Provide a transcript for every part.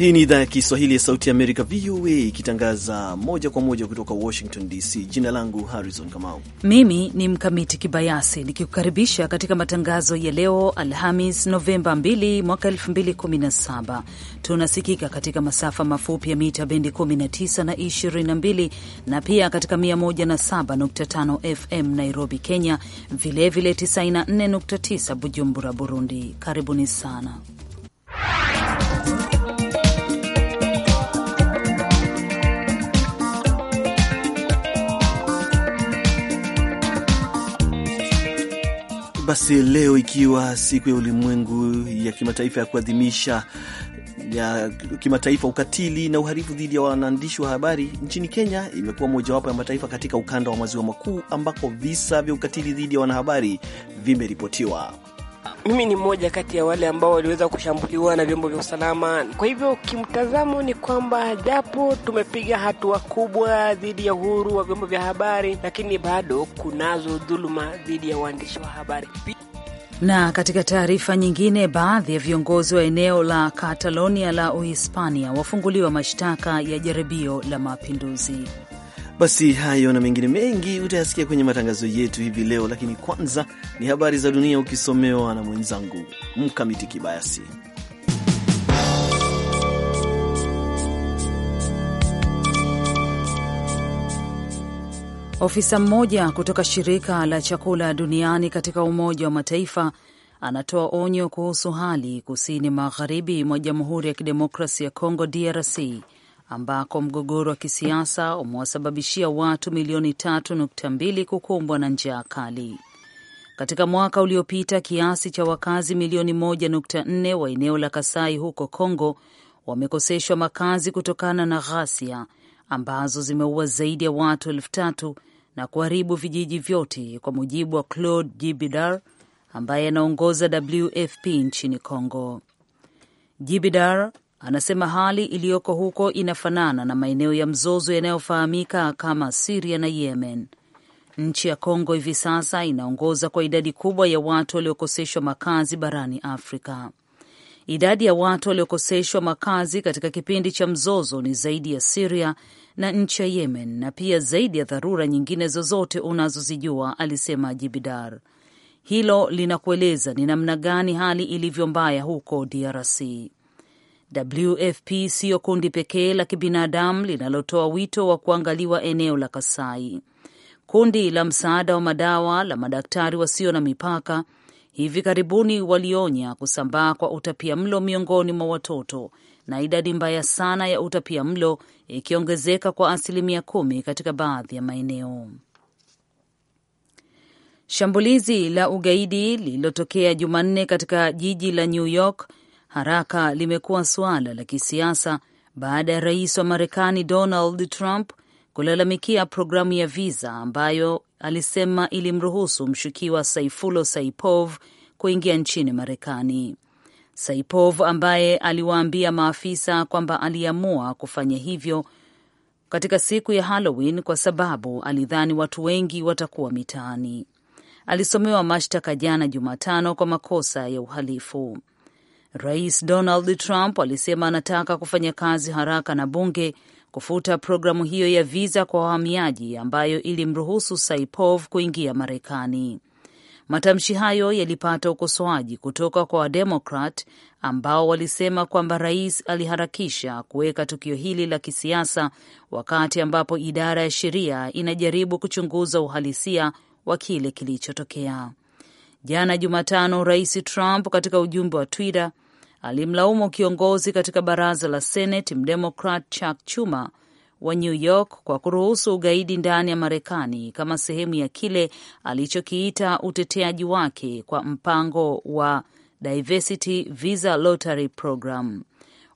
Hii ni idhaa ya Kiswahili ya Sauti ya Amerika, VOA, ikitangaza moja kwa moja kutoka Washington DC. Jina langu Harrison Kamau, mimi ni Mkamiti Kibayasi, nikikukaribisha katika matangazo ya leo Alhamis Novemba 2 mwaka 2017. Tunasikika katika masafa mafupi ya mita bendi 19 na 22 na pia katika 107.5 FM Nairobi, Kenya, vilevile 94.9 Bujumbura, Burundi. Karibuni sana basi leo ikiwa siku ya ulimwengu ya kimataifa ya kuadhimisha ya kimataifa ukatili na uharifu dhidi ya wanaandishi wa habari nchini Kenya imekuwa mojawapo ya mataifa katika ukanda wa maziwa makuu ambako visa vya ukatili dhidi ya wanahabari vimeripotiwa mimi ni mmoja kati ya wale ambao waliweza kushambuliwa na vyombo vya usalama. Kwa hivyo kimtazamo ni kwamba japo tumepiga hatua kubwa dhidi ya uhuru wa vyombo vya habari, lakini bado kunazo dhuluma dhidi ya waandishi wa habari. Na katika taarifa nyingine, baadhi ya viongozi wa eneo la Katalonia la Uhispania wafunguliwa mashtaka ya jaribio la mapinduzi. Basi hayo na mengine mengi utayasikia kwenye matangazo yetu hivi leo, lakini kwanza ni habari za dunia ukisomewa na mwenzangu Mkamiti Kibayasi. Ofisa mmoja kutoka shirika la chakula duniani katika Umoja wa Mataifa anatoa onyo kuhusu hali kusini magharibi mwa Jamhuri ya Kidemokrasi ya congo DRC ambako mgogoro wa kisiasa umewasababishia watu milioni tatu nukta mbili kukumbwa na njaa kali. Katika mwaka uliopita kiasi cha wakazi milioni moja nukta nne wa eneo la Kasai huko Kongo wamekoseshwa makazi kutokana na ghasia ambazo zimeua zaidi ya watu elfu tatu na kuharibu vijiji vyote, kwa mujibu wa Claude Jibidar ambaye anaongoza WFP nchini congo Jibidar anasema hali iliyoko huko inafanana na maeneo ya mzozo yanayofahamika kama Siria na Yemen. Nchi ya Kongo hivi sasa inaongoza kwa idadi kubwa ya watu waliokoseshwa makazi barani Afrika. Idadi ya watu waliokoseshwa makazi katika kipindi cha mzozo ni zaidi ya Siria na nchi ya Yemen, na pia zaidi ya dharura nyingine zozote unazozijua, alisema Jibidar. Hilo linakueleza ni namna gani hali ilivyo mbaya huko DRC. WFP siyo kundi pekee la kibinadamu linalotoa wito wa kuangaliwa eneo la Kasai. Kundi la msaada wa madawa la madaktari wasio na mipaka hivi karibuni walionya kusambaa kwa utapia mlo miongoni mwa watoto na idadi mbaya sana ya utapia mlo ikiongezeka kwa asilimia kumi katika baadhi ya maeneo. Shambulizi la ugaidi lililotokea Jumanne katika jiji la New York haraka limekuwa suala la kisiasa baada ya rais wa Marekani Donald Trump kulalamikia programu ya visa ambayo alisema ilimruhusu mshukiwa Saifulo Saipov kuingia nchini Marekani. Saipov ambaye aliwaambia maafisa kwamba aliamua kufanya hivyo katika siku ya Halloween kwa sababu alidhani watu wengi watakuwa mitaani. Alisomewa mashtaka jana Jumatano kwa makosa ya uhalifu. Rais Donald Trump alisema anataka kufanya kazi haraka na bunge kufuta programu hiyo ya viza kwa wahamiaji ambayo ilimruhusu Saipov kuingia Marekani. Matamshi hayo yalipata ukosoaji kutoka kwa Wademokrat ambao walisema kwamba rais aliharakisha kuweka tukio hili la kisiasa wakati ambapo idara ya sheria inajaribu kuchunguza uhalisia wa kile kilichotokea jana Jumatano. Rais Trump katika ujumbe wa Twitter alimlaumu kiongozi katika baraza la Seneti mdemokrat Chuck Schumer wa New York kwa kuruhusu ugaidi ndani ya Marekani kama sehemu ya kile alichokiita uteteaji wake kwa mpango wa Diversity Visa Lottery Program.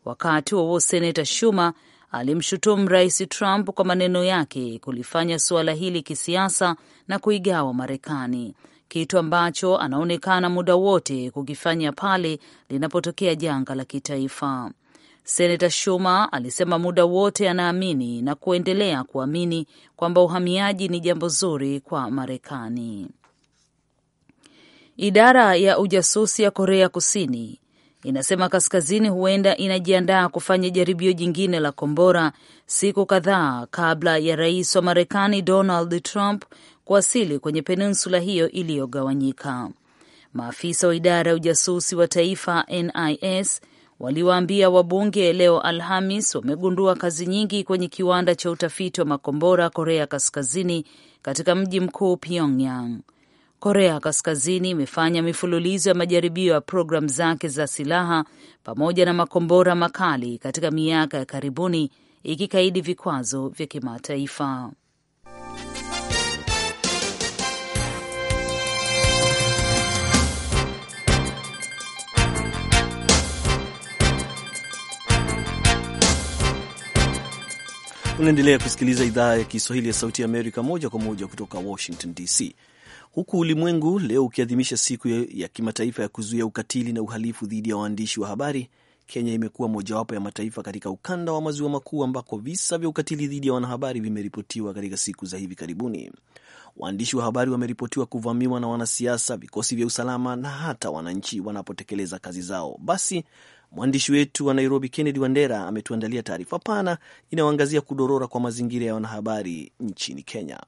Wakati huo Senata Schumer alimshutumu Rais Trump kwa maneno yake kulifanya suala hili kisiasa na kuigawa Marekani kitu ambacho anaonekana muda wote kukifanya pale linapotokea janga la kitaifa. Senata Schumer alisema muda wote anaamini na kuendelea kuamini kwamba uhamiaji ni jambo zuri kwa Marekani. Idara ya ujasusi ya Korea Kusini inasema kaskazini huenda inajiandaa kufanya jaribio jingine la kombora siku kadhaa kabla ya rais wa Marekani Donald Trump kuwasili kwenye peninsula hiyo iliyogawanyika. Maafisa wa idara ya ujasusi wa taifa NIS waliwaambia wabunge leo Alhamis wamegundua kazi nyingi kwenye kiwanda cha utafiti wa makombora Korea Kaskazini katika mji mkuu Pyongyang. Korea Kaskazini imefanya mifululizo ya majaribio ya programu zake za silaha pamoja na makombora makali katika miaka ya karibuni ikikaidi vikwazo vya kimataifa. Unaendelea kusikiliza idhaa ya Kiswahili ya Sauti ya Amerika moja kwa moja kutoka Washington DC, huku ulimwengu leo ukiadhimisha siku ya, ya kimataifa ya kuzuia ukatili na uhalifu dhidi ya waandishi wa habari. Kenya imekuwa mojawapo ya mataifa katika ukanda wa maziwa makuu ambako visa vya ukatili dhidi ya wanahabari vimeripotiwa katika siku za hivi karibuni. Waandishi wa habari wameripotiwa kuvamiwa na wanasiasa, vikosi vya usalama na hata wananchi wanapotekeleza kazi zao. Basi Mwandishi wetu wa Nairobi, Kennedy Wandera, ametuandalia taarifa pana inayoangazia kudorora kwa mazingira ya wanahabari nchini Kenya.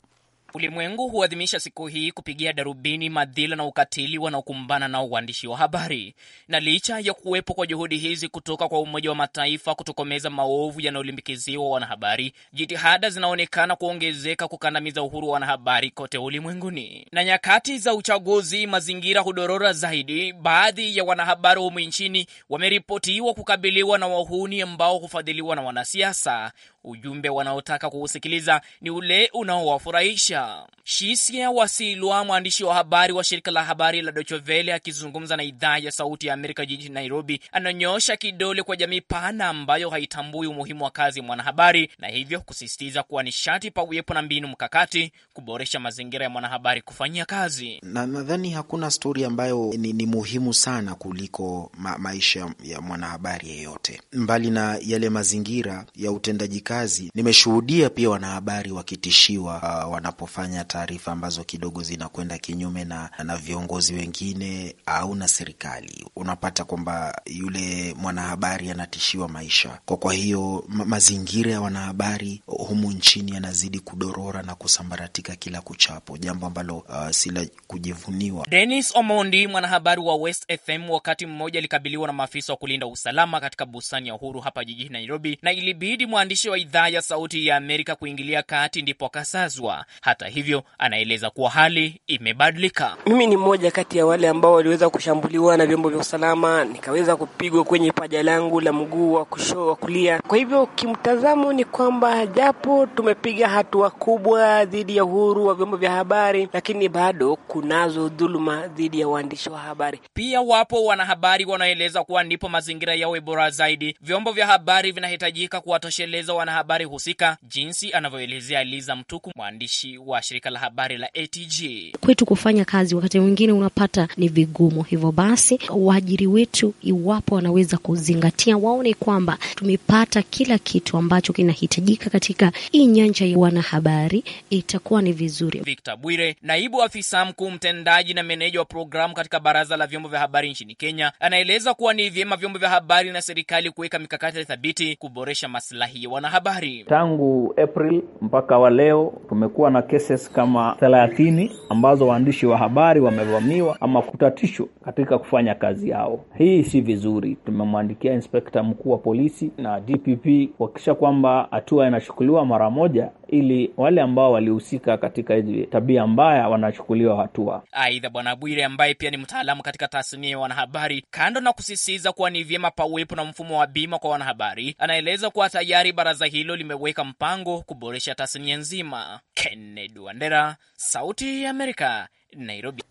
Ulimwengu huadhimisha siku hii kupigia darubini madhila na ukatili wanaokumbana nao waandishi wa habari. Na licha ya kuwepo kwa juhudi hizi kutoka kwa Umoja wa Mataifa kutokomeza maovu yanayolimbikiziwa wanahabari, jitihada zinaonekana kuongezeka kukandamiza uhuru wa wanahabari kote ulimwenguni. Na nyakati za uchaguzi, mazingira hudorora zaidi. Baadhi ya wanahabari humu nchini wameripotiwa kukabiliwa na wahuni ambao hufadhiliwa na wanasiasa. Ujumbe wanaotaka kuusikiliza ni ule unaowafurahisha maisha. Shisia Wasilwa, mwandishi wa habari wa shirika la habari la dochovele akizungumza na idhaa ya Sauti ya Amerika jijini Nairobi, ananyosha kidole kwa jamii pana ambayo haitambui umuhimu wa kazi ya mwanahabari na hivyo kusisitiza kuwa ni sharti pawepo na mbinu mkakati kuboresha mazingira ya mwanahabari kufanyia kazi. Na nadhani hakuna stori ambayo ni, ni muhimu sana kuliko ma maisha ya mwanahabari yeyote, mbali na yale mazingira ya utendaji kazi. Nimeshuhudia pia wanahabari wakitishiwa uh, wanapo unapofanya taarifa ambazo kidogo zinakwenda kinyume na, na viongozi wengine au na serikali, unapata kwamba yule mwanahabari anatishiwa maisha. Kwa kwa hiyo ma mazingira ya wanahabari humu nchini yanazidi kudorora na kusambaratika kila kuchapo, jambo ambalo uh, si la kujivuniwa. Dennis Omondi, mwanahabari wa West FM, wakati mmoja alikabiliwa na maafisa wa kulinda usalama katika bustani ya Uhuru hapa jijini Nairobi, na ilibidi mwandishi wa idhaa ya Sauti ya Amerika kuingilia kati, ndipo akasazwa. Hata hivyo, anaeleza kuwa hali imebadilika. Mimi ni mmoja kati ya wale ambao waliweza kushambuliwa na vyombo vya usalama, nikaweza kupigwa kwenye paja langu la mguu wa kushoto wa kulia. Kwa hivyo, kimtazamo ni kwamba japo tumepiga hatua kubwa dhidi ya uhuru wa vyombo vya habari, lakini bado kunazo dhuluma dhidi ya waandishi wa habari. Pia wapo wanahabari wanaeleza kuwa ndipo mazingira yawe bora zaidi, vyombo vya habari vinahitajika kuwatosheleza wanahabari husika, jinsi anavyoelezea Liza Mtuku, mwandishi wa shirika la habari la ATG. Kwetu kufanya kazi wakati mwingine unapata ni vigumu, hivyo basi waajiri wetu, iwapo wanaweza kuzingatia, waone kwamba tumepata kila kitu ambacho kinahitajika katika hii nyanja ya wanahabari, itakuwa ni vizuri. Victor Bwire, naibu afisa mkuu mtendaji na meneja wa programu katika Baraza la Vyombo vya Habari nchini Kenya, anaeleza kuwa ni vyema vyombo vya habari na serikali kuweka mikakati thabiti kuboresha masilahi ya wanahabari. Tangu April mpaka wa leo tumekuwa na cases kama 30 ambazo waandishi wa habari wamevamiwa ama kutatishwa katika kufanya kazi yao. Hii si vizuri. Tumemwandikia inspekta mkuu wa polisi na DPP kuhakikisha kwamba hatua inachukuliwa mara moja ili wale ambao walihusika katika hizi tabia mbaya wanachukuliwa hatua. Aidha, Bwana Bwire ambaye pia ni mtaalamu katika tasnia ya wanahabari, kando na kusisitiza kuwa ni vyema pawepo na mfumo wa bima kwa wanahabari, anaeleza kuwa tayari baraza hilo limeweka mpango kuboresha tasnia nzima. Kennedy Wandera, Sauti ya Amerika, Nairobi.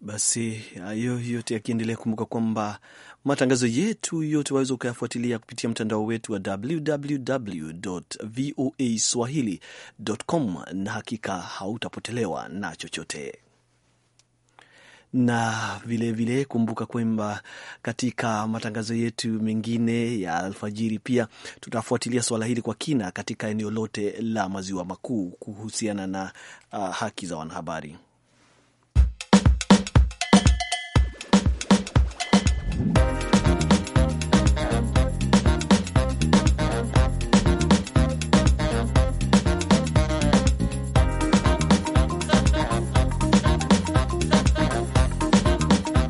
Basi hayo yote yakiendelea, kumbuka kwamba Matangazo yetu yote waweza ukayafuatilia kupitia mtandao wetu wa www voa swahili.com, na hakika hautapotelewa na chochote na vilevile vile kumbuka kwamba katika matangazo yetu mengine ya alfajiri pia tutafuatilia swala hili kwa kina katika eneo lote la maziwa makuu kuhusiana na uh, haki za wanahabari.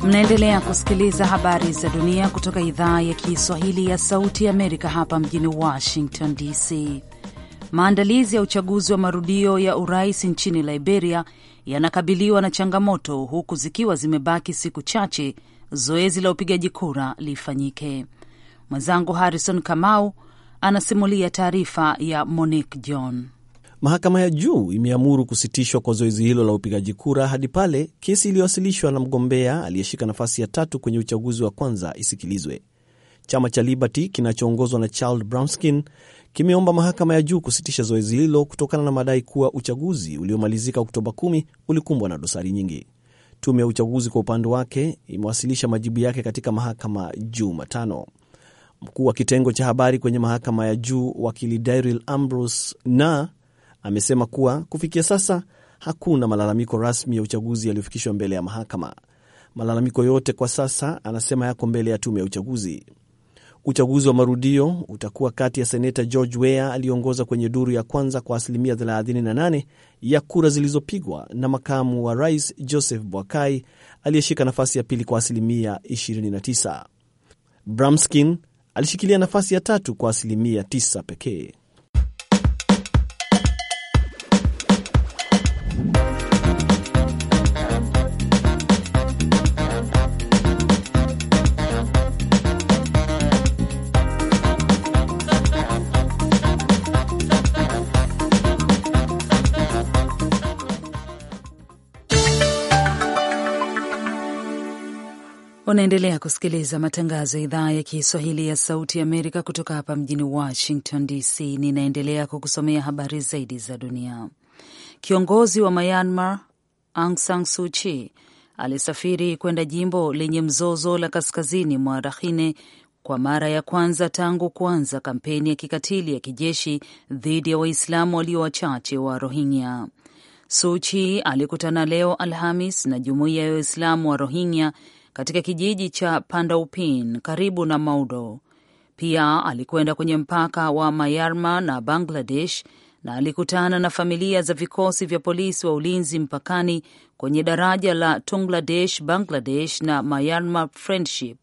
Mnaendelea kusikiliza habari za dunia kutoka idhaa ya Kiswahili ya Sauti Amerika hapa mjini Washington DC. Maandalizi ya uchaguzi wa marudio ya urais nchini Liberia yanakabiliwa na changamoto huku zikiwa zimebaki siku chache zoezi la upigaji kura lifanyike. Mwenzangu Harrison Kamau anasimulia taarifa ya Monique John. Mahakama ya juu imeamuru kusitishwa kwa zoezi hilo la upigaji kura hadi pale kesi iliyowasilishwa na mgombea aliyeshika nafasi ya tatu kwenye uchaguzi wa kwanza isikilizwe. Chama cha Liberty kinachoongozwa na Charles Brownskin kimeomba mahakama ya juu kusitisha zoezi hilo kutokana na madai kuwa uchaguzi uliomalizika Oktoba 10 ulikumbwa na dosari nyingi. Tume ya uchaguzi kwa upande wake imewasilisha majibu yake katika mahakama Jumatano. Mkuu wa kitengo cha habari kwenye mahakama ya juu wakili Daryl Ambrose na amesema kuwa kufikia sasa hakuna malalamiko rasmi ya uchaguzi yaliyofikishwa mbele ya mahakama. Malalamiko yote kwa sasa, anasema, yako mbele ya tume ya uchaguzi. Uchaguzi wa marudio utakuwa kati ya seneta George Weah aliyeongoza kwenye duru ya kwanza kwa asilimia 38 ya kura zilizopigwa na makamu wa rais Joseph Boakai aliyeshika nafasi ya pili kwa asilimia 29. Bramskin alishikilia nafasi ya tatu kwa asilimia 9 pekee. Unaendelea kusikiliza matangazo ya idhaa ya Kiswahili ya Sauti ya Amerika kutoka hapa mjini Washington DC. Ninaendelea kukusomea habari zaidi za dunia. Kiongozi wa Myanmar Aung San Suu Kyi alisafiri kwenda jimbo lenye mzozo la kaskazini mwa Rakhine kwa mara ya kwanza tangu kuanza kampeni ya kikatili ya kijeshi dhidi ya Waislamu walio wachache wa, Rohingya. Suu Kyi alikutana leo Alhamis na jumuiya ya Waislamu wa Rohingya katika kijiji cha Pandaupin karibu na Maudo. Pia alikwenda kwenye mpaka wa Myanmar na Bangladesh na alikutana na familia za vikosi vya polisi wa ulinzi mpakani kwenye daraja la Tungladesh, Bangladesh na Myanmar Friendship.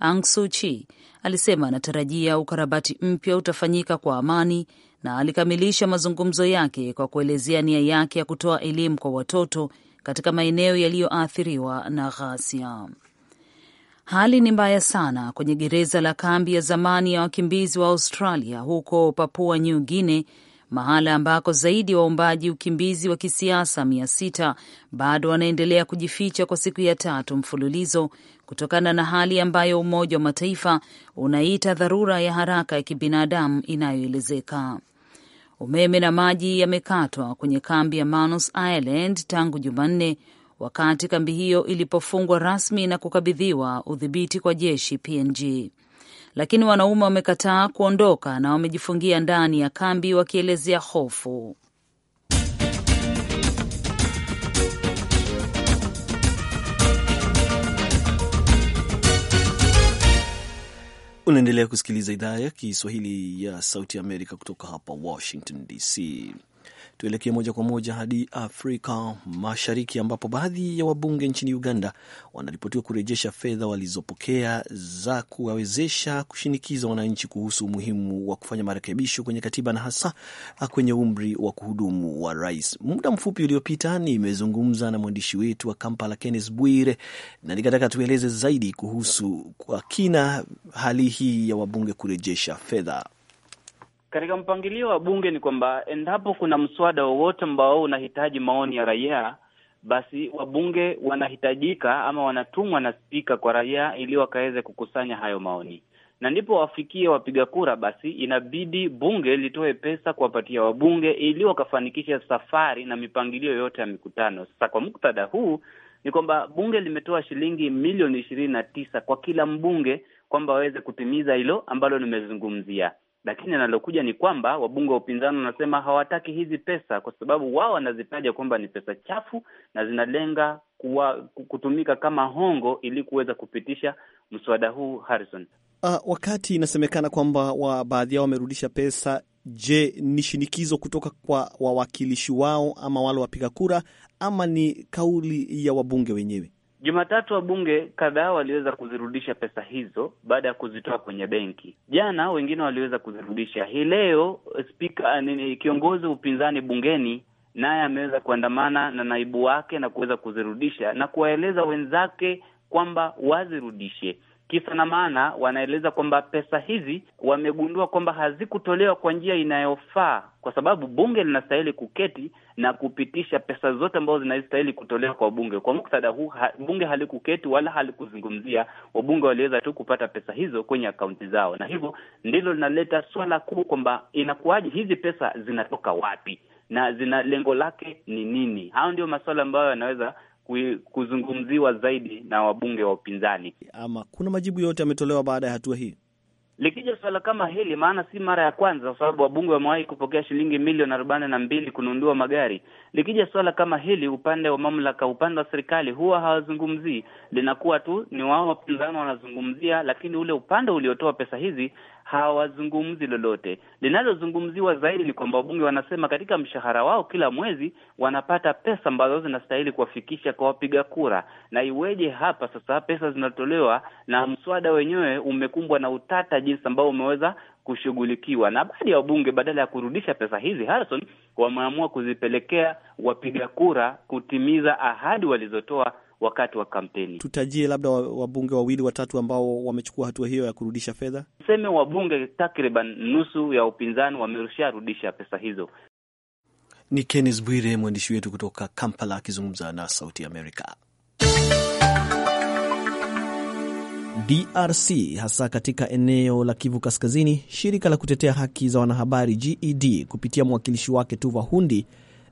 Aung Suu Kyi alisema anatarajia ukarabati mpya utafanyika kwa amani na alikamilisha mazungumzo yake kwa kuelezea nia yake ya kutoa elimu kwa watoto katika maeneo yaliyoathiriwa na ghasia. Hali ni mbaya sana kwenye gereza la kambi ya zamani ya wakimbizi wa Australia huko Papua New Guinea, mahala ambako zaidi ya wa waombaji ukimbizi wa kisiasa mia sita bado wanaendelea kujificha kwa siku ya tatu mfululizo kutokana na hali ambayo Umoja wa Mataifa unaita dharura ya haraka ya kibinadamu inayoelezeka. Umeme na maji yamekatwa kwenye kambi ya Manus Island tangu Jumanne, wakati kambi hiyo ilipofungwa rasmi na kukabidhiwa udhibiti kwa jeshi PNG. Lakini wanaume wamekataa kuondoka na wamejifungia ndani ya kambi wakielezea hofu. Unaendelea kusikiliza idhaa ya Kiswahili ya Sauti Amerika kutoka hapa Washington DC. Tuelekee moja kwa moja hadi Afrika Mashariki, ambapo baadhi ya wabunge nchini Uganda wanaripotiwa kurejesha fedha walizopokea za kuwawezesha kushinikiza wananchi kuhusu umuhimu wa kufanya marekebisho kwenye katiba na hasa kwenye umri wa kuhudumu wa rais. Muda mfupi uliopita nimezungumza na mwandishi wetu wa Kampala, Kenneth Bwire, na nikataka tueleze zaidi kuhusu kwa kina hali hii ya wabunge kurejesha fedha. Katika mpangilio wa bunge ni kwamba endapo kuna mswada wowote ambao unahitaji maoni ya raia, basi wabunge wanahitajika ama wanatumwa na spika kwa raia ili wakaweze kukusanya hayo maoni, na ndipo wafikie wapiga kura. Basi inabidi bunge litoe pesa kuwapatia wabunge ili wakafanikisha safari na mipangilio yote ya mikutano. Sasa kwa muktadha huu ni kwamba bunge limetoa shilingi milioni ishirini na tisa kwa kila mbunge kwamba waweze kutimiza hilo ambalo nimezungumzia lakini analokuja ni kwamba wabunge wa upinzani wanasema hawataki hizi pesa, kwa sababu wao wanazitaja kwamba ni pesa chafu na zinalenga kuwa, kutumika kama hongo ili kuweza kupitisha mswada huu Harrison. Uh, wakati inasemekana kwamba wa baadhi yao wamerudisha pesa, je, ni shinikizo kutoka kwa wawakilishi wao ama wale wapiga kura ama ni kauli ya wabunge wenyewe? Jumatatu wabunge kadhaa waliweza kuzirudisha pesa hizo baada ya kuzitoa kwenye benki. Jana wengine waliweza kuzirudisha. Hii leo spika, eh, kiongozi wa upinzani bungeni naye ameweza kuandamana na naibu wake na kuweza kuzirudisha na kuwaeleza wenzake kwamba wazirudishe. Kisa na maana, wanaeleza kwamba pesa hizi wamegundua kwamba hazikutolewa kwa njia inayofaa, kwa sababu bunge linastahili kuketi na kupitisha pesa zote ambazo zinastahili kutolewa kwa bunge. Kwa muktadha huu ha, bunge halikuketi wala halikuzungumzia, wabunge waliweza tu kupata pesa hizo kwenye akaunti zao, na hivyo ndilo linaleta swala kuu kwamba inakuwaje hizi pesa zinatoka wapi na zina lengo lake ni nini? Hayo ndio masuala ambayo yanaweza kuzungumziwa zaidi na wabunge wa upinzani. Ama kuna majibu yote yametolewa baada ya hatua hii? Likija suala kama hili, maana si mara ya kwanza, kwa sababu wabunge wamewahi kupokea shilingi milioni arobaini na mbili kununua magari. Likija suala kama hili, upande wa mamlaka, upande wa serikali huwa hawazungumzii, linakuwa tu ni wao wapinzani wanazungumzia, lakini ule upande uliotoa pesa hizi hawazungumzi lolote. Linalozungumziwa zaidi ni kwamba wabunge wanasema katika mshahara wao kila mwezi wanapata pesa ambazo zinastahili kuwafikisha kwa wapiga kura, na iweje hapa sasa pesa zinatolewa, na mswada wenyewe umekumbwa na utata jinsi ambao umeweza kushughulikiwa na baadhi ya wabunge, badala ya kurudisha pesa hizi Harrison, wameamua kuzipelekea wapiga kura kutimiza ahadi walizotoa wakati wa kampeni. Tutajie labda wabunge wawili watatu ambao wamechukua hatua hiyo ya kurudisha fedha. Tuseme wabunge takriban nusu ya upinzani wamesharudisha pesa hizo. Ni kennes Bwire, mwandishi wetu kutoka Kampala, akizungumza na Sauti Amerika. DRC hasa katika eneo la Kivu Kaskazini, shirika la kutetea haki za wanahabari GED kupitia mwakilishi wake Tuva Hundi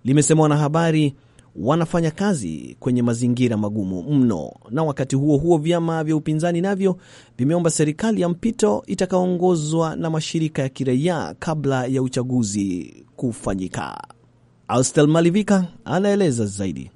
limesema wanahabari wanafanya kazi kwenye mazingira magumu mno. Na wakati huo huo, vyama vya upinzani navyo vimeomba serikali ya mpito itakaoongozwa na mashirika ya kiraia kabla ya uchaguzi kufanyika. Austel Malivika anaeleza zaidi.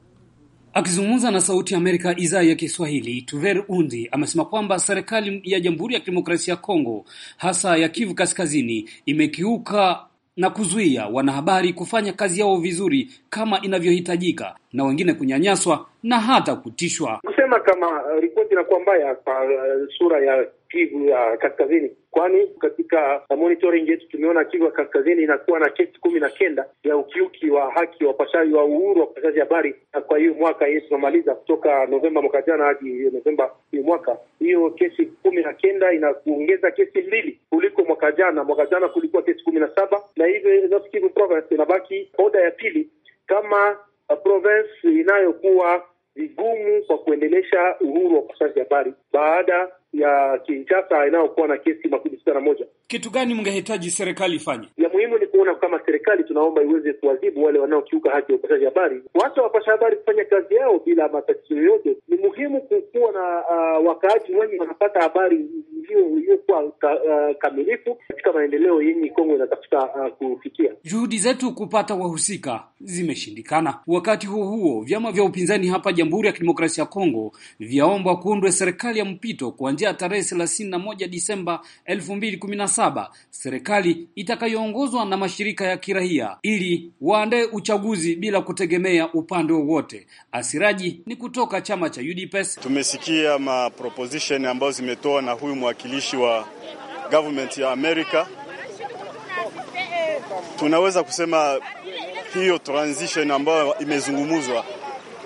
Akizungumza na Sauti ya Amerika idhaa ya Kiswahili, Tuver Undi amesema kwamba serikali ya Jamhuri ya Kidemokrasia ya Kongo, hasa ya Kivu Kaskazini, imekiuka na kuzuia wanahabari kufanya kazi yao vizuri kama inavyohitajika na wengine kunyanyaswa na hata kutishwa. Kusema kama uh, ripoti inakuwa mbaya kwa uh, sura ya Kivu ya kaskazini, kwani katika uh, monitoring yetu tumeona Kivu ya kaskazini inakuwa na kesi kumi na kenda ya ukiuki wa haki wapashaji wa uhuru wa upashaji habari kwa hiyo mwaka hii tunamaliza kutoka Novemba mwaka jana hadi Novemba hii mwaka, hiyo kesi kumi na kenda inakuongeza kesi mbili kuliko mwaka jana. Mwaka jana kulikuwa kesi kumi na saba na hivyo Kivu province inabaki oda ya pili kama province inayokuwa vigumu kwa kuendelesha uhuru wa kusaji habari baada ya Kinshasa inayokuwa na kesi makumi sita na moja. Kitu gani mngehitaji serikali ifanye? Ya muhimu ni kuona kama serikali tunaomba iweze kuadhibu wale wanaokiuka haki ya upashaji habari, watu wapasha habari kufanya kazi yao bila matatizo yoyote. Ni muhimu kukuwa na uh, wakaaji wenye wanapata habari iliyokuwa ka, uh, kamilifu katika maendeleo yenye Kongo inatafuta uh, kufikia. Juhudi zetu kupata wahusika zimeshindikana. Wakati huo huo, vyama vya upinzani hapa Jamhuri ya Kidemokrasia ya Kongo vyaomba kuundwe serikali ya mpito kuanzia tarehe na moja Disemba elfu mbili kumi na saba serikali itakayoongozwa na mashirika ya kiraia ili waandae uchaguzi bila kutegemea upande wowote. Asiraji ni kutoka chama cha UDPS. Tumesikia ma ambayo ambazo zimetoa na huyu mwakilishi wa government ya Amerika tunaweza kusema hiyo transition ambayo imezungumuzwa,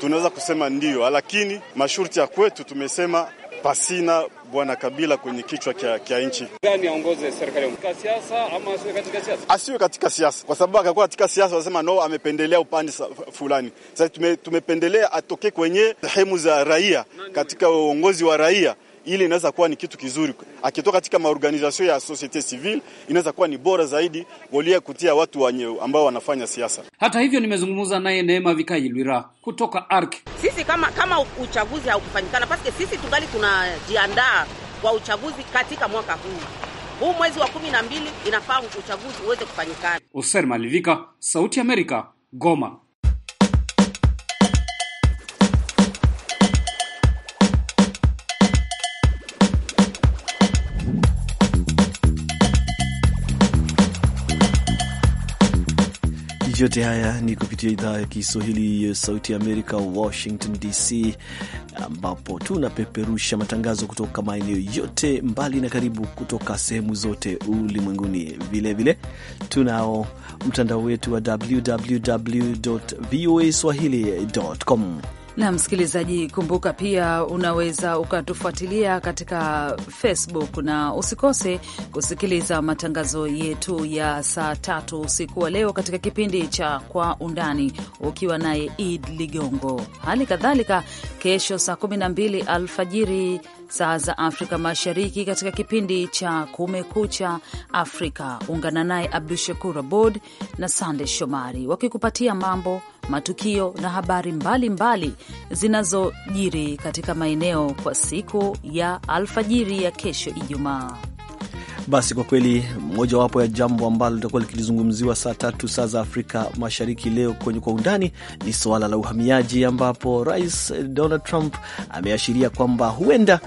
tunaweza kusema ndiyo, lakini masharti ya kwetu tumesema pasina Bwana Kabila kwenye kichwa kya nchi gani aongoze serikali katika siasa ama asiwe katika siasa? Asiwe katika siasa, kwa sababu akakuwa katika siasa wanasema no, amependelea upande fulani. Sasa tume, tumependelea atoke kwenye sehemu za raia, katika uongozi wa raia ile inaweza kuwa ni kitu kizuri. Akitoka katika maorganization ya societe civile, inaweza kuwa ni bora zaidi walia kutia watu wenye ambao wanafanya siasa. Hata hivyo, nimezungumza naye Neema Vikailwira kutoka ARC. Sisi kama kama uchaguzi haukufanyikana, paske sisi tungali tunajiandaa kwa uchaguzi katika mwaka huu huu mwezi wa kumi na mbili inafaa uchaguzi uweze kufanyikana. Oser Malivika, Sauti ya Amerika, Goma. Yote haya ni kupitia idhaa ya Kiswahili ya Sauti ya Amerika, Washington DC, ambapo tunapeperusha matangazo kutoka maeneo yote mbali na karibu, kutoka sehemu zote ulimwenguni. Vilevile tunao mtandao wetu wa www voa swahili.com na msikilizaji, kumbuka pia unaweza ukatufuatilia katika Facebook na usikose kusikiliza matangazo yetu ya saa tatu usiku wa leo katika kipindi cha Kwa Undani ukiwa naye Id Ligongo. Hali kadhalika kesho saa 12 alfajiri saa za Afrika Mashariki, katika kipindi cha Kumekucha Afrika. Ungana naye Abdu Shakur Abod na Sande Shomari wakikupatia mambo, matukio na habari mbalimbali zinazojiri katika maeneo kwa siku ya alfajiri ya kesho Ijumaa. Basi kwa kweli, mojawapo ya jambo ambalo litakuwa likilizungumziwa saa tatu saa za Afrika Mashariki leo kwenye Kwa Undani ni suala la uhamiaji, ambapo Rais Donald Trump ameashiria kwamba huenda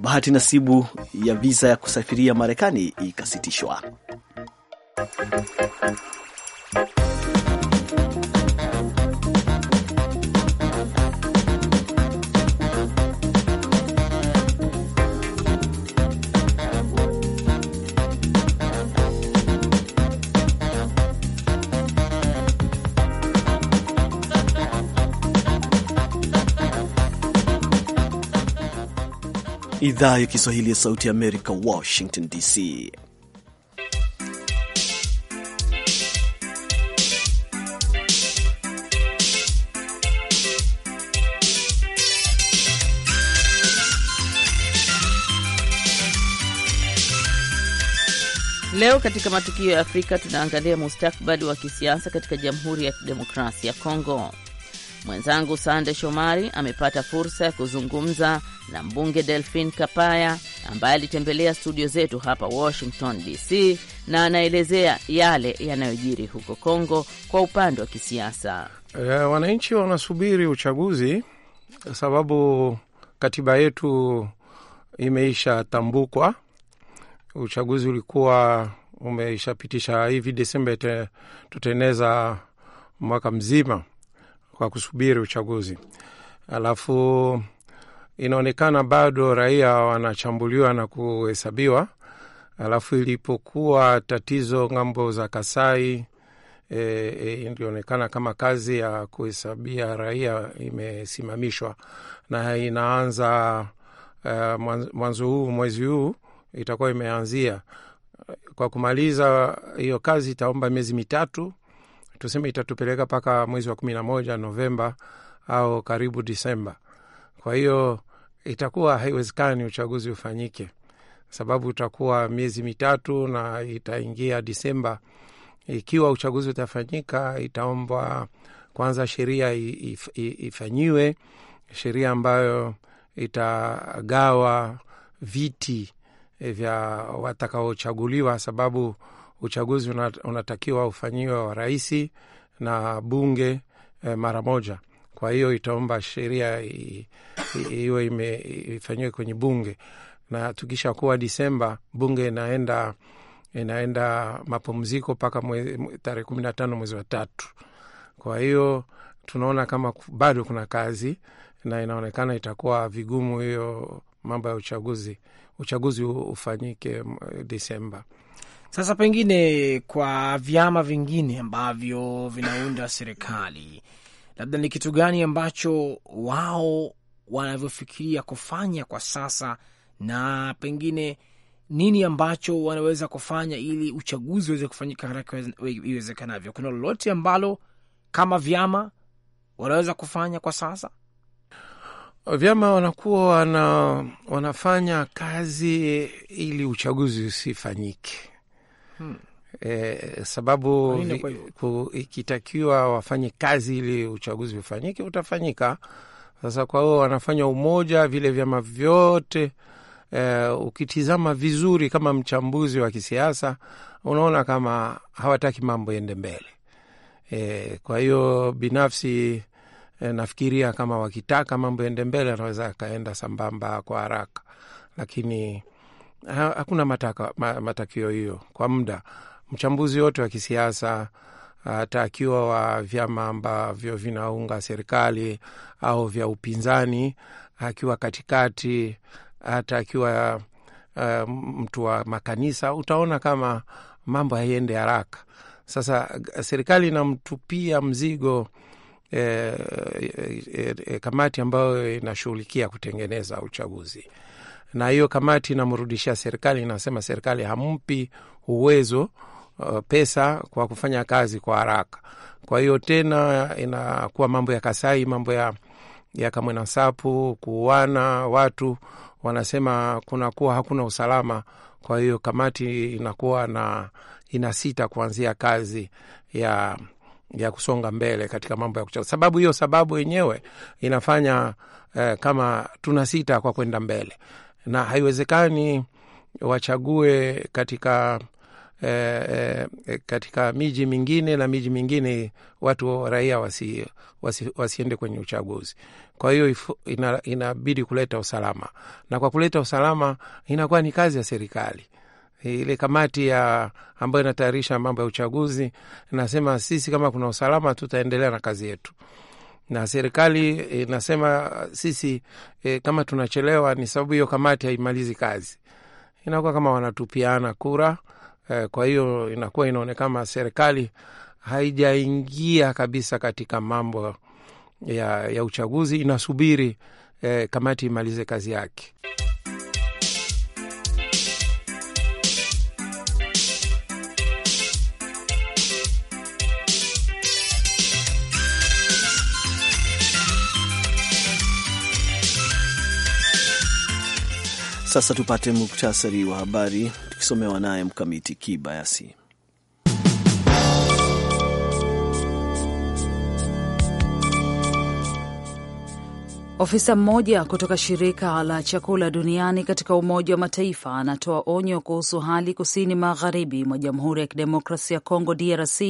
bahati nasibu ya visa ya kusafiria Marekani ikasitishwa. idhaa ya Kiswahili ya Sauti ya Amerika, Washington DC. Leo katika matukio ya Afrika tunaangalia mustakabali wa kisiasa katika Jamhuri ya Kidemokrasia ya Kongo. Mwenzangu Sande Shomari amepata fursa ya kuzungumza na mbunge Delphin Kapaya ambaye alitembelea studio zetu hapa Washington DC na anaelezea yale yanayojiri huko Kongo kwa upande wa kisiasa. E, wananchi wanasubiri uchaguzi kwa sababu katiba yetu imeisha tambukwa. Uchaguzi ulikuwa umeishapitisha hivi Desemba, tutaeneza mwaka mzima kwa kusubiri uchaguzi. Alafu inaonekana bado raia wanachambuliwa na kuhesabiwa. Alafu ilipokuwa tatizo ng'ambo za Kasai, e, e, ilionekana kama kazi ya kuhesabia raia imesimamishwa na inaanza uh, mwanzo huu mwezi huu itakuwa imeanzia. Kwa kumaliza hiyo kazi itaomba miezi mitatu tuseme itatupeleka mpaka mwezi wa kumi na moja Novemba au karibu Disemba. Kwa hiyo itakuwa haiwezekani uchaguzi ufanyike, sababu utakuwa miezi mitatu na itaingia Disemba. Ikiwa uchaguzi utafanyika, itaombwa kwanza sheria ifanyiwe sheria ambayo itagawa viti eh, vya watakaochaguliwa, sababu uchaguzi unatakiwa ufanyiwe wa rais na bunge eh, mara moja. Kwa hiyo itaomba sheria iwe ifanyiwe kwenye bunge, na tukisha kuwa Disemba bunge inaenda inaenda mapumziko mpaka tarehe kumi na tano mwezi wa tatu. Kwa hiyo tunaona kama bado kuna kazi na inaonekana itakuwa vigumu hiyo mambo ya uchaguzi uchaguzi ufanyike Disemba. Sasa pengine kwa vyama vingine ambavyo vinaunda serikali, labda ni kitu gani ambacho wao wanavyofikiria kufanya kwa sasa, na pengine nini ambacho wanaweza kufanya ili uchaguzi uweze kufanyika haraka iwezekanavyo? Kuna lolote ambalo kama vyama wanaweza kufanya kwa sasa? Vyama wanakuwa wana, wanafanya kazi ili uchaguzi usifanyike hmm. E, sababu ikitakiwa wafanye kazi ili uchaguzi ufanyike utafanyika. Sasa kwa hiyo wanafanya umoja vile vyama vyote E, ukitizama vizuri kama mchambuzi wa kisiasa unaona kama hawataki mambo ende mbele E, kwa hiyo binafsi e, nafikiria kama wakitaka mambo ende mbele anaweza akaenda sambamba kwa haraka, lakini ha, hakuna mataka, ma, matakio hiyo kwa muda. Mchambuzi wote wa kisiasa hata akiwa wa vyama ambavyo vinaunga serikali au vya upinzani, akiwa katikati, hata akiwa uh, mtu wa makanisa, utaona kama mambo haiende haraka. Sasa serikali inamtupia mzigo eh, eh, eh, eh kamati ambayo inashughulikia kutengeneza uchaguzi na hiyo kamati inamrudishia serikali, inasema serikali hampi uwezo uh, pesa kwa kufanya kazi kwa haraka. Kwa hiyo tena inakuwa mambo ya Kasai, mambo ya, ya Kamwena Sapu kuuana watu wanasema kunakuwa hakuna usalama. Kwa hiyo kamati inakuwa na sita kuanzia kazi ya ya kusonga mbele katika mambo ya kuchagua. Sababu hiyo sababu yenyewe inafanya eh, kama sita kwa kwenda mbele na haiwezekani wachague katika e, e, katika miji mingine na miji mingine watu raia wasi, wasi, wasiende kwenye uchaguzi. Kwa hiyo ina, inabidi kuleta usalama, na kwa kuleta usalama inakuwa ni kazi ya serikali. Ile kamati ya ambayo inatayarisha mambo ya uchaguzi nasema sisi, kama kuna usalama, tutaendelea na kazi yetu na serikali inasema eh, e, sisi e, kama tunachelewa ni sababu hiyo kamati haimalizi kazi. Inakuwa kama wanatupiana kura e, kwa hiyo inakuwa inaonekana serikali haijaingia kabisa katika mambo ya, ya uchaguzi, inasubiri e, kamati imalize kazi yake. Sasa tupate muktasari wa habari tukisomewa naye Mkamiti Kibayasi. Ofisa mmoja kutoka shirika la chakula duniani katika Umoja wa Mataifa anatoa onyo kuhusu hali kusini magharibi mwa Jamhuri ya Kidemokrasia ya Kongo, DRC,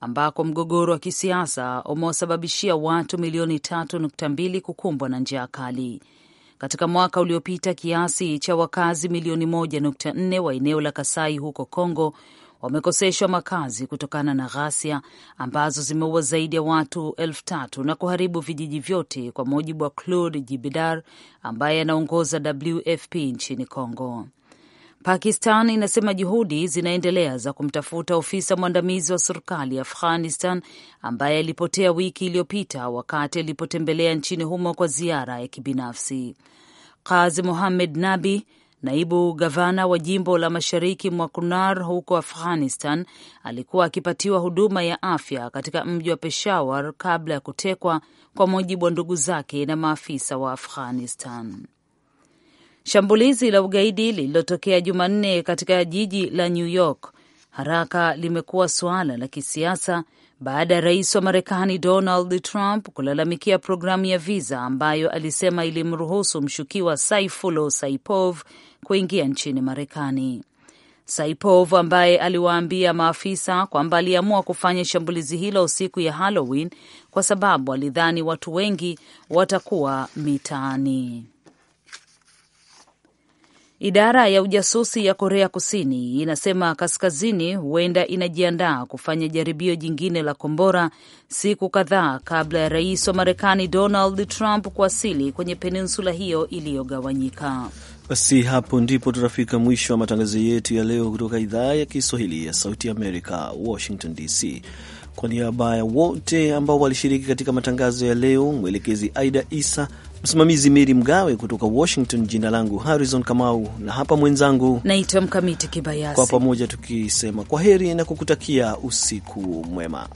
ambako mgogoro wa kisiasa umewasababishia watu milioni 3.2 kukumbwa na njaa kali. Katika mwaka uliopita kiasi cha wakazi milioni 1.4 wa eneo la Kasai huko congo wamekoseshwa makazi kutokana na ghasia ambazo zimeua zaidi ya watu elfu tatu na kuharibu vijiji vyote, kwa mujibu wa Claude Jibidar ambaye anaongoza WFP nchini congo Pakistan inasema juhudi zinaendelea za kumtafuta ofisa mwandamizi wa serikali ya Afghanistan ambaye alipotea wiki iliyopita wakati alipotembelea nchini humo kwa ziara ya kibinafsi. Qazi Mohammed Nabi, naibu gavana wa jimbo la mashariki mwa Kunar huko Afghanistan, alikuwa akipatiwa huduma ya afya katika mji wa Peshawar kabla ya kutekwa, kwa mujibu wa ndugu zake na maafisa wa Afghanistan. Shambulizi la ugaidi lililotokea Jumanne katika jiji la New York haraka limekuwa suala la kisiasa baada ya rais wa Marekani Donald Trump kulalamikia programu ya viza ambayo alisema ilimruhusu mshukiwa saifulo Saipov kuingia nchini Marekani. Saipov ambaye aliwaambia maafisa kwamba aliamua kufanya shambulizi hilo siku ya Halloween kwa sababu alidhani watu wengi watakuwa mitaani. Idara ya ujasusi ya Korea Kusini inasema Kaskazini huenda inajiandaa kufanya jaribio jingine la kombora siku kadhaa kabla ya rais wa Marekani Donald Trump kuwasili kwenye peninsula hiyo iliyogawanyika. Basi hapo ndipo tutafika mwisho wa matangazo yetu ya leo kutoka idhaa ya Kiswahili ya Sauti Amerika, Washington DC. Kwa niaba ya wote ambao walishiriki katika matangazo ya leo, mwelekezi Aida Isa Msimamizi Meri Mgawe kutoka Washington. Jina langu Harrison Kamau na hapa mwenzangu naitwa Mkamiti Kibayasi, kwa pamoja tukisema kwa heri na kukutakia usiku mwema.